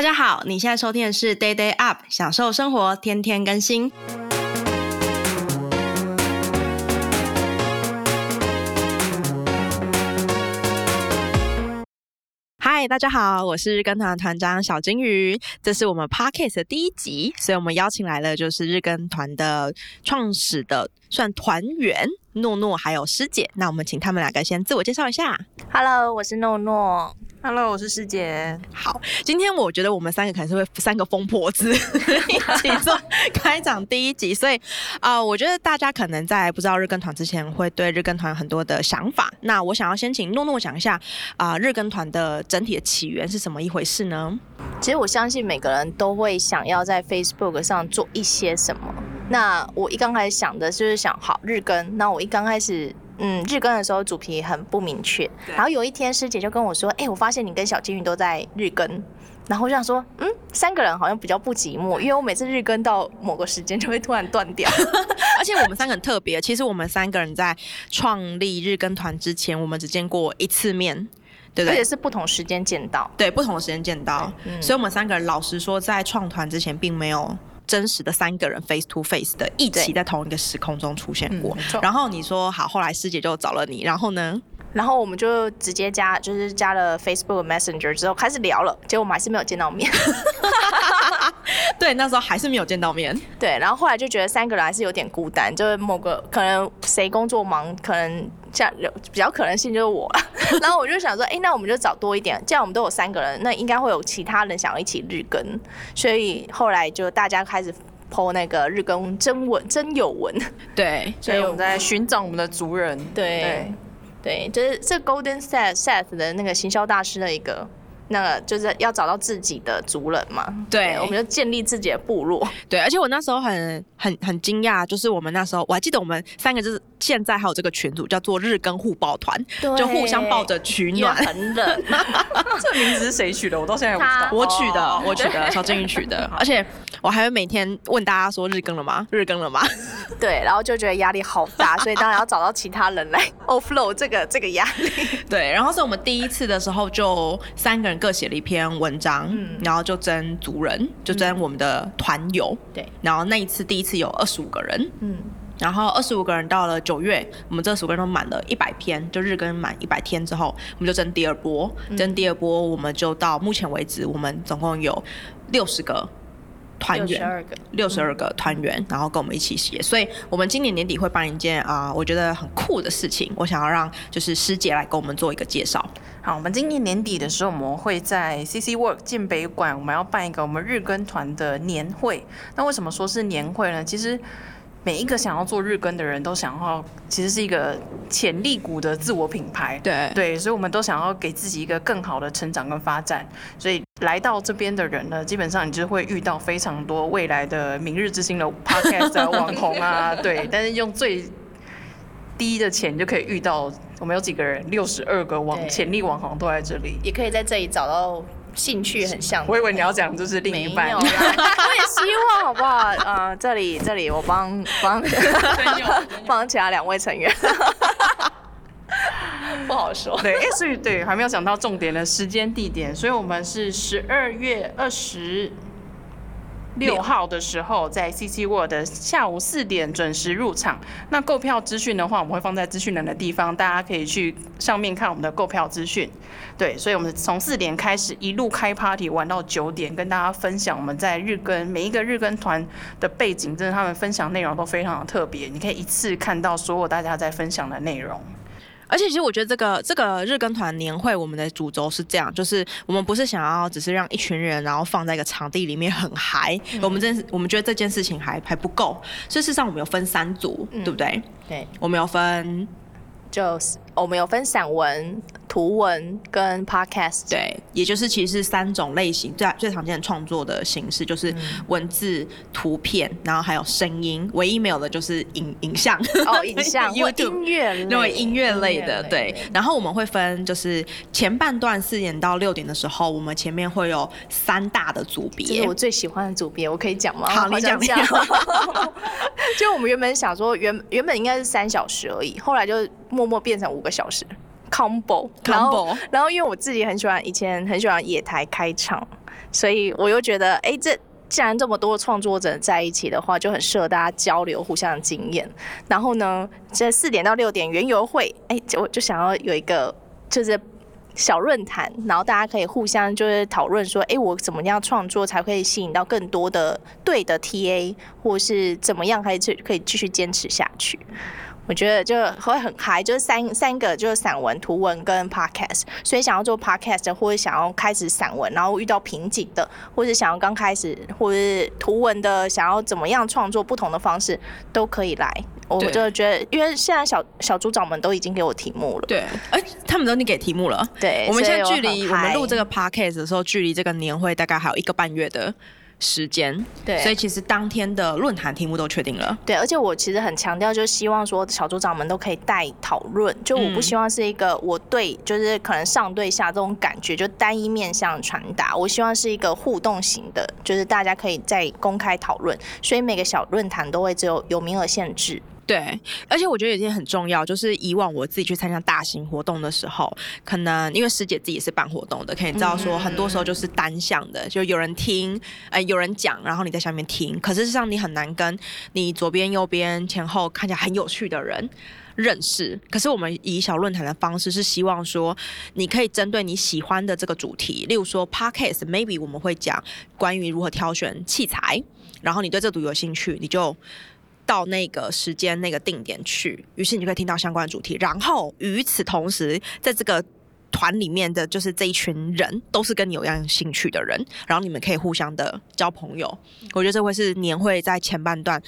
大家好，你現在收聽的是 Day Day Up，享受生活，天天更新。Hi，大家好，我是日更團團長小金魚，這是我們 Podcast 的第一集，所以我們邀請來的就是日更團的創始的。算團員，諾諾還有師姐，那我們請他們兩個先自我介紹一下。Hello，我是諾諾。Hello，我是師姐。好，今天我覺得我們三個可能是會三個瘋婆子 一起做 開場第一集，所以啊、呃，我覺得大家可能在不知道日更團之前，會對日更團很多的想法。那我想要先請諾諾講一下啊、呃，日更團的整體的起源是什麼一回事呢？其實我相信每個人都會想要在 Facebook 上做一些什麼。那我一剛開始想的就是想好日更，那我一剛開始嗯日更的時候主題很不明確，對然後有一天師姐就跟我說，哎、欸，我發現你跟小金魚都在日更，然後我就想說，嗯，三個人好像比較不寂寞，因為我每次日更到某個時間就會突然斷掉， 而且我們三個很特別，其實我們三個人在創立日更團之前，我們只見過一次面，對不對？而且是不同時間見到，對，不同時間見到，嗯、所以我們三個人老實說，在創團之前並沒有。真實的三個人 face to face 的一起在同一個時空中出現過，嗯、然後你說好，後來師姐就找了你，然後呢？然後我們就直接加，就是加了 Facebook Messenger 之後開始聊了，結果我們還是沒有見到面。 對，那時候還是沒有見到面。對，然後後來就覺得三個人還是有點孤單，就是某個可能誰工作忙，可能這樣有比較可能性就是我。 然後我就想說，哎、欸，那我們就找多一點，這樣我們都有三個人，那應該會有其他人想要一起日更。所以後來就大家開始 po 那個日更真文真有文。對，所以我們在尋找我們的族人。對，對，對，就是這 Golden Seth s e t 的那個行銷大師的、那、一個。那個就是要找到自己的族人嘛，對，我們就建立自己的部落。對，而且我那時候很很很驚訝，就是我們那時候我還記得我們三個就是現在還有這個群組叫做日更互抱團，對就互相抱着取暖，很冷。 這名字是誰取的？我到現在我不知道他我取的，我取的，對小金魚取的。 而且我還會每天問大家說日更了嗎？日更了嗎？對，然後就覺得壓力好大， 所以當然要找到其他人來 offload 這個這個壓力。對，然後是我們第一次的時候就三個人。各寫了一篇文章，嗯、然後就徵族人，就徵我們的團友、嗯。對，然後那一次第一次有二十五個人。嗯，然後二十五個人到了九月，我們這十五個人都滿了一百天，就日更滿一百天之後，我們就徵第二波。徵、嗯、第二波，我們就到目前為止，我們總共有六十個。團員六十二個，六十二個團員，嗯、然後跟我們一起寫。所以，我們今年年底會辦一件啊、呃，我覺得很酷的事情。我想要讓就是詩姐來跟我們做一個介紹。好，我們今年年底的時候，我們會在 CC Work 建北館，我們要辦一個我們日更團的年會。那為什麼說是年會呢？其實。每一個想要做日更的人都想要，其實是一個潛力股的自我品牌。對，對，所以我們都想要給自己一個更好的成長跟發展。所以來到這邊的人呢，基本上你就會遇到非常多未來的明日之星的 podcast、啊、 網紅啊，對。但是用最低的錢就可以遇到，我們有幾個人，六十二個網潛對力網紅都在這裡，也可以在這裡找到。興趣很像，我以為你要講就是另一半沒用、啊，我也希望好不好？呃，這裡，這裡我幫幫幫其他兩位成員， 不好說。對，所以對，還沒有講到重點的時間地點，所以我們是十二月二十六號的時候，在 CC World 的下午四點準時入場。那購票資訊的話，我們會放在資訊欄的地方，大家可以去上面看我們的購票資訊。對，所以我們從四點開始一路開 Party 玩到九點，跟大家分享我們在日更每一個日更團的背景，真的他們分享的內容都非常的特別，你可以一次看到所有大家在分享的內容。而且其實我覺得這個這個日更團年會，我們的主軸是這樣，就是我們不是想要只是讓一群人然後放在一個場地裡面很嗨。嗯，我們這我們覺得這件事情還還不夠，所以事實上我們有分三組，嗯、對不對？對，我們有分，就是我們有分散文。圖文跟 podcast，對，也就是其實是三種類型，最最常見的創作的形式就是文字、圖片，然後還有聲音，唯一沒有的就是影影像哦，影像因為 YouTube, 音樂因為音樂類的類對，然後我們會分就是前半段四點到六點的時候，我們前面會有三大的組別，是我最喜歡的組別，我可以講嗎？好，好你講講。 就我們原本想說原原本應該是三小時而已，後來就默默變成五個小時。combo，Combo。然後然後因為我自己很喜歡以前很喜歡野台開場，所以我又覺得哎，這既然這麼多創作者在一起的話，就很適合大家交流，互相的經驗。然後呢，這四點到六點園遊會，哎，我就想要有一個就是小論壇，然後大家可以互相就是討論說，哎，我怎麼樣創作才可以吸引到更多的對的 TA，或是怎麼樣，可以繼續堅持下去。我覺得就會很嗨，就是三三個就是散文、圖文跟 podcast，所以想要做 podcast 或者想要開始散文，然後遇到瓶頸的，或者想要剛開始或者圖文的，想要怎麼樣創作不同的方式都可以來。對，我就覺得，因為現在小小組長們都已經給我題目了。對，哎、欸，他們都已經給題目了。對，我,我們現在距離我們錄這個 podcast 的時候，距離這個年會大概還有一個半月的。時間，對，所以其實當天的論壇題目都確定了，對，而且我其實很強調，就希望說小組長們都可以帶討論，就我不希望是一個我對，就是可能上對下這種感覺，就單一面向傳達，我希望是一個互動型的，就是大家可以在公開討論，所以每個小論壇都會只有有名額限制。對，而且我覺得有一點很重要，就是以往我自己去參加大型活動的時候，可能因為師姐自己也是辦活動的，可以知道說很多時候就是單向的，嗯、哼就有人聽，呃，有人講，然後你在下面聽。可是事實上你很難跟你左邊、右邊、前後看起來很有趣的人認識。可是我們以小論壇的方式是希望說，你可以針對你喜歡的這個主題，例如說 podcast maybe 我們會講關於如何挑選器材，然後你對這組有興趣，你就。到那個時間那個定點去，於是你就可以聽到相關主題。然後與此同時，在這個。團裡面的就是這一群人都是跟你有一樣興趣的人，然後你們可以互相的交朋友。嗯、我覺得這會是年會在前半段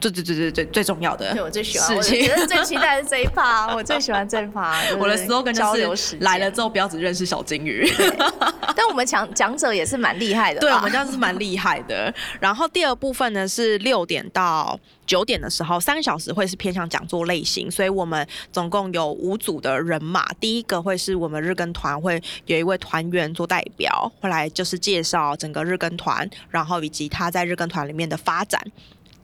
最最最最最最重要的。對我最喜歡的事情，我最期待的是這一趴， 我最喜歡這一趴。 我的時候跟交流時來了之後不要只認識小金魚。但我們講講者也是蠻厲害的，對，我們這樣是蠻厲害的。 然後第二部分呢，是六點到九點的時候，三個小時會是偏向講座類型，所以我們總共有五組的人馬，第一個會是我們。日更團會有一位團員做代表，後來就是介紹整個日更團，然後以及他在日更團裡面的發展。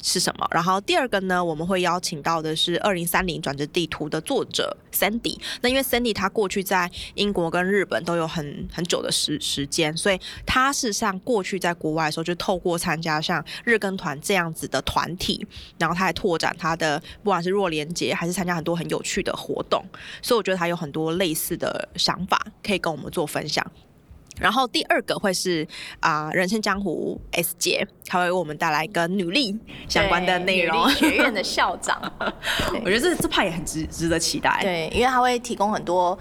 是什麼？然後第二個呢，我們會邀請到的是《二零三零轉職地圖》的作者 Sandy。那因為 Sandy 他過去在英國跟日本都有很很久的時時間，所以他是像過去在國外的時候，就透過參加像日更團這樣子的團體，然後他還拓展他的不管是弱連接，還是參加很多很有趣的活動。所以我覺得他有很多類似的想法，可以跟我們做分享。然後第二個會是啊、呃，人生江湖 S 姐，她會為我們帶來跟個女力相關的內容，女力學院的校長。 對我覺得這這派也很值值得期待。對，因為她會提供很多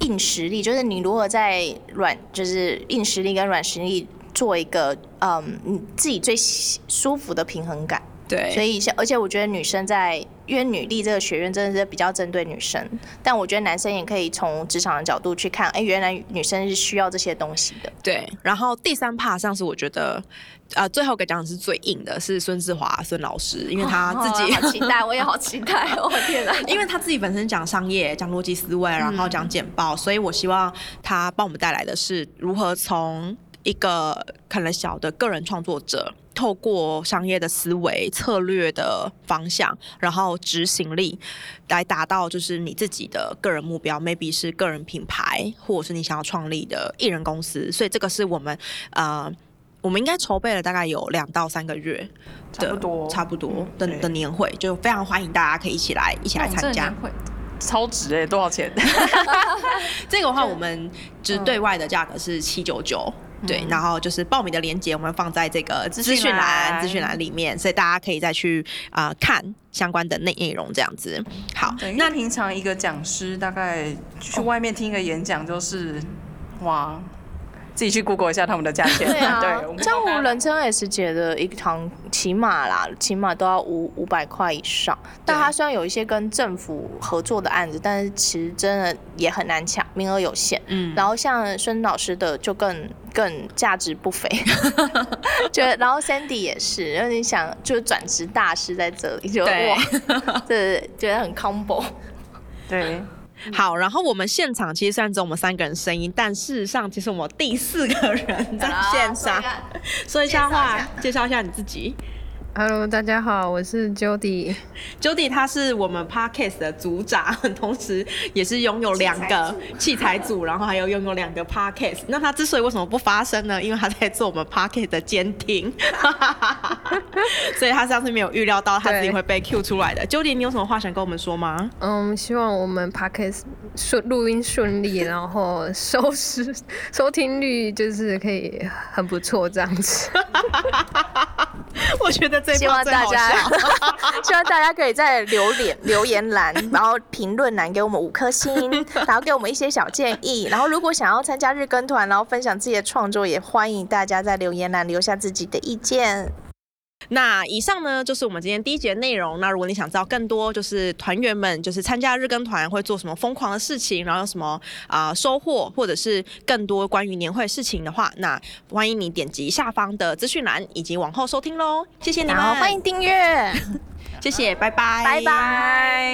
硬實力，就是你如何在軟，就是硬實力跟軟實力做一個嗯，你自己最舒服的平衡感。對，所以而且我覺得女生在。因為女力這個學院真的是比較針對女生，但我覺得男生也可以從職場的角度去看，哎，原來女生是需要這些東西的。對。然後第三趴像是我覺得，啊、呃，最後給講的是最硬的是孫治華孫老師，因為他自己、哦、好好期待，我也好期待， 我天吶，因為他自己本身講商業、講邏輯思維，然後講簡報，嗯、所以我希望他幫我們帶來的是如何從一個可能小的個人創作者。透過商業的思維、策略的方向，然後執行力，來達到就是你自己的個人目標，maybe 是個人品牌，或者是你想要創立的一人公司。所以這個是我們啊、呃，我們應該籌備了大概有兩到三個月的，差不多差不多的、嗯、的年會，就非常歡迎大家可以一起來一起來參加，會超值哎、欸！多少錢？這個的話我們就是對外的價格是七九九。對，然後就是報名的鏈接，我們放在這個資訊欄資訊欄裡面，所以大家可以再去啊、呃、看相關的內內容這樣子。好，那平常一個講師大概去外面聽一個演講，就是、哦、哇，自己去 Google 一下他們的價錢。 對啊，江湖對人稱 S 姐，的一堂，起碼啦，起碼都要五五百塊以上。對但他雖然有一些跟政府合作的案子，但是其實真的也很難搶，名額有限。嗯、然後像孫老師的就更。更價值不菲， 就然後 Sandy 也是，然後你想就是轉職大師在這裡就對，對對，覺得很 combo，對，嗯、好，然後我們現場其實雖然只有我們三個人聲音，但事實上其實我們第四個人在線上，Hello, oh my God, 說一下話，介紹一,一下你自己。Hello，大家好，我是 Jody。Jody 他是我們 Podcast 的組長，同時也是擁有兩個器材組，然後還有擁有兩個 Podcast。那他之所以為什麼不發聲呢？因為他在做我們 Podcast 的監聽， 所以他上次沒有預料到他自己會被 cue 出來的。對 Jody，你有什麼話想跟我們說嗎？嗯，um, 希望我們 Podcast 順錄音順利，然後收視收聽率就是可以很不錯這樣子。 我覺得最希望大家， 希望大家可以在留言留言欄， 然後評論欄給我們五顆星， 然後給我們一些小建議。然後如果想要參加日更團，然後分享自己的創作，也歡迎大家在留言欄留下自己的意見。那以上呢，就是我們今天第一節內容。那如果你想知道更多，就是團員們就是參加日更團會做什麼瘋狂的事情，然後有什麼啊、呃、收穫，或者是更多關於年會事情的話，那歡迎你點擊下方的資訊欄，以及往後收聽嘍。謝謝你們，歡迎訂閱， 謝謝，拜拜，拜拜。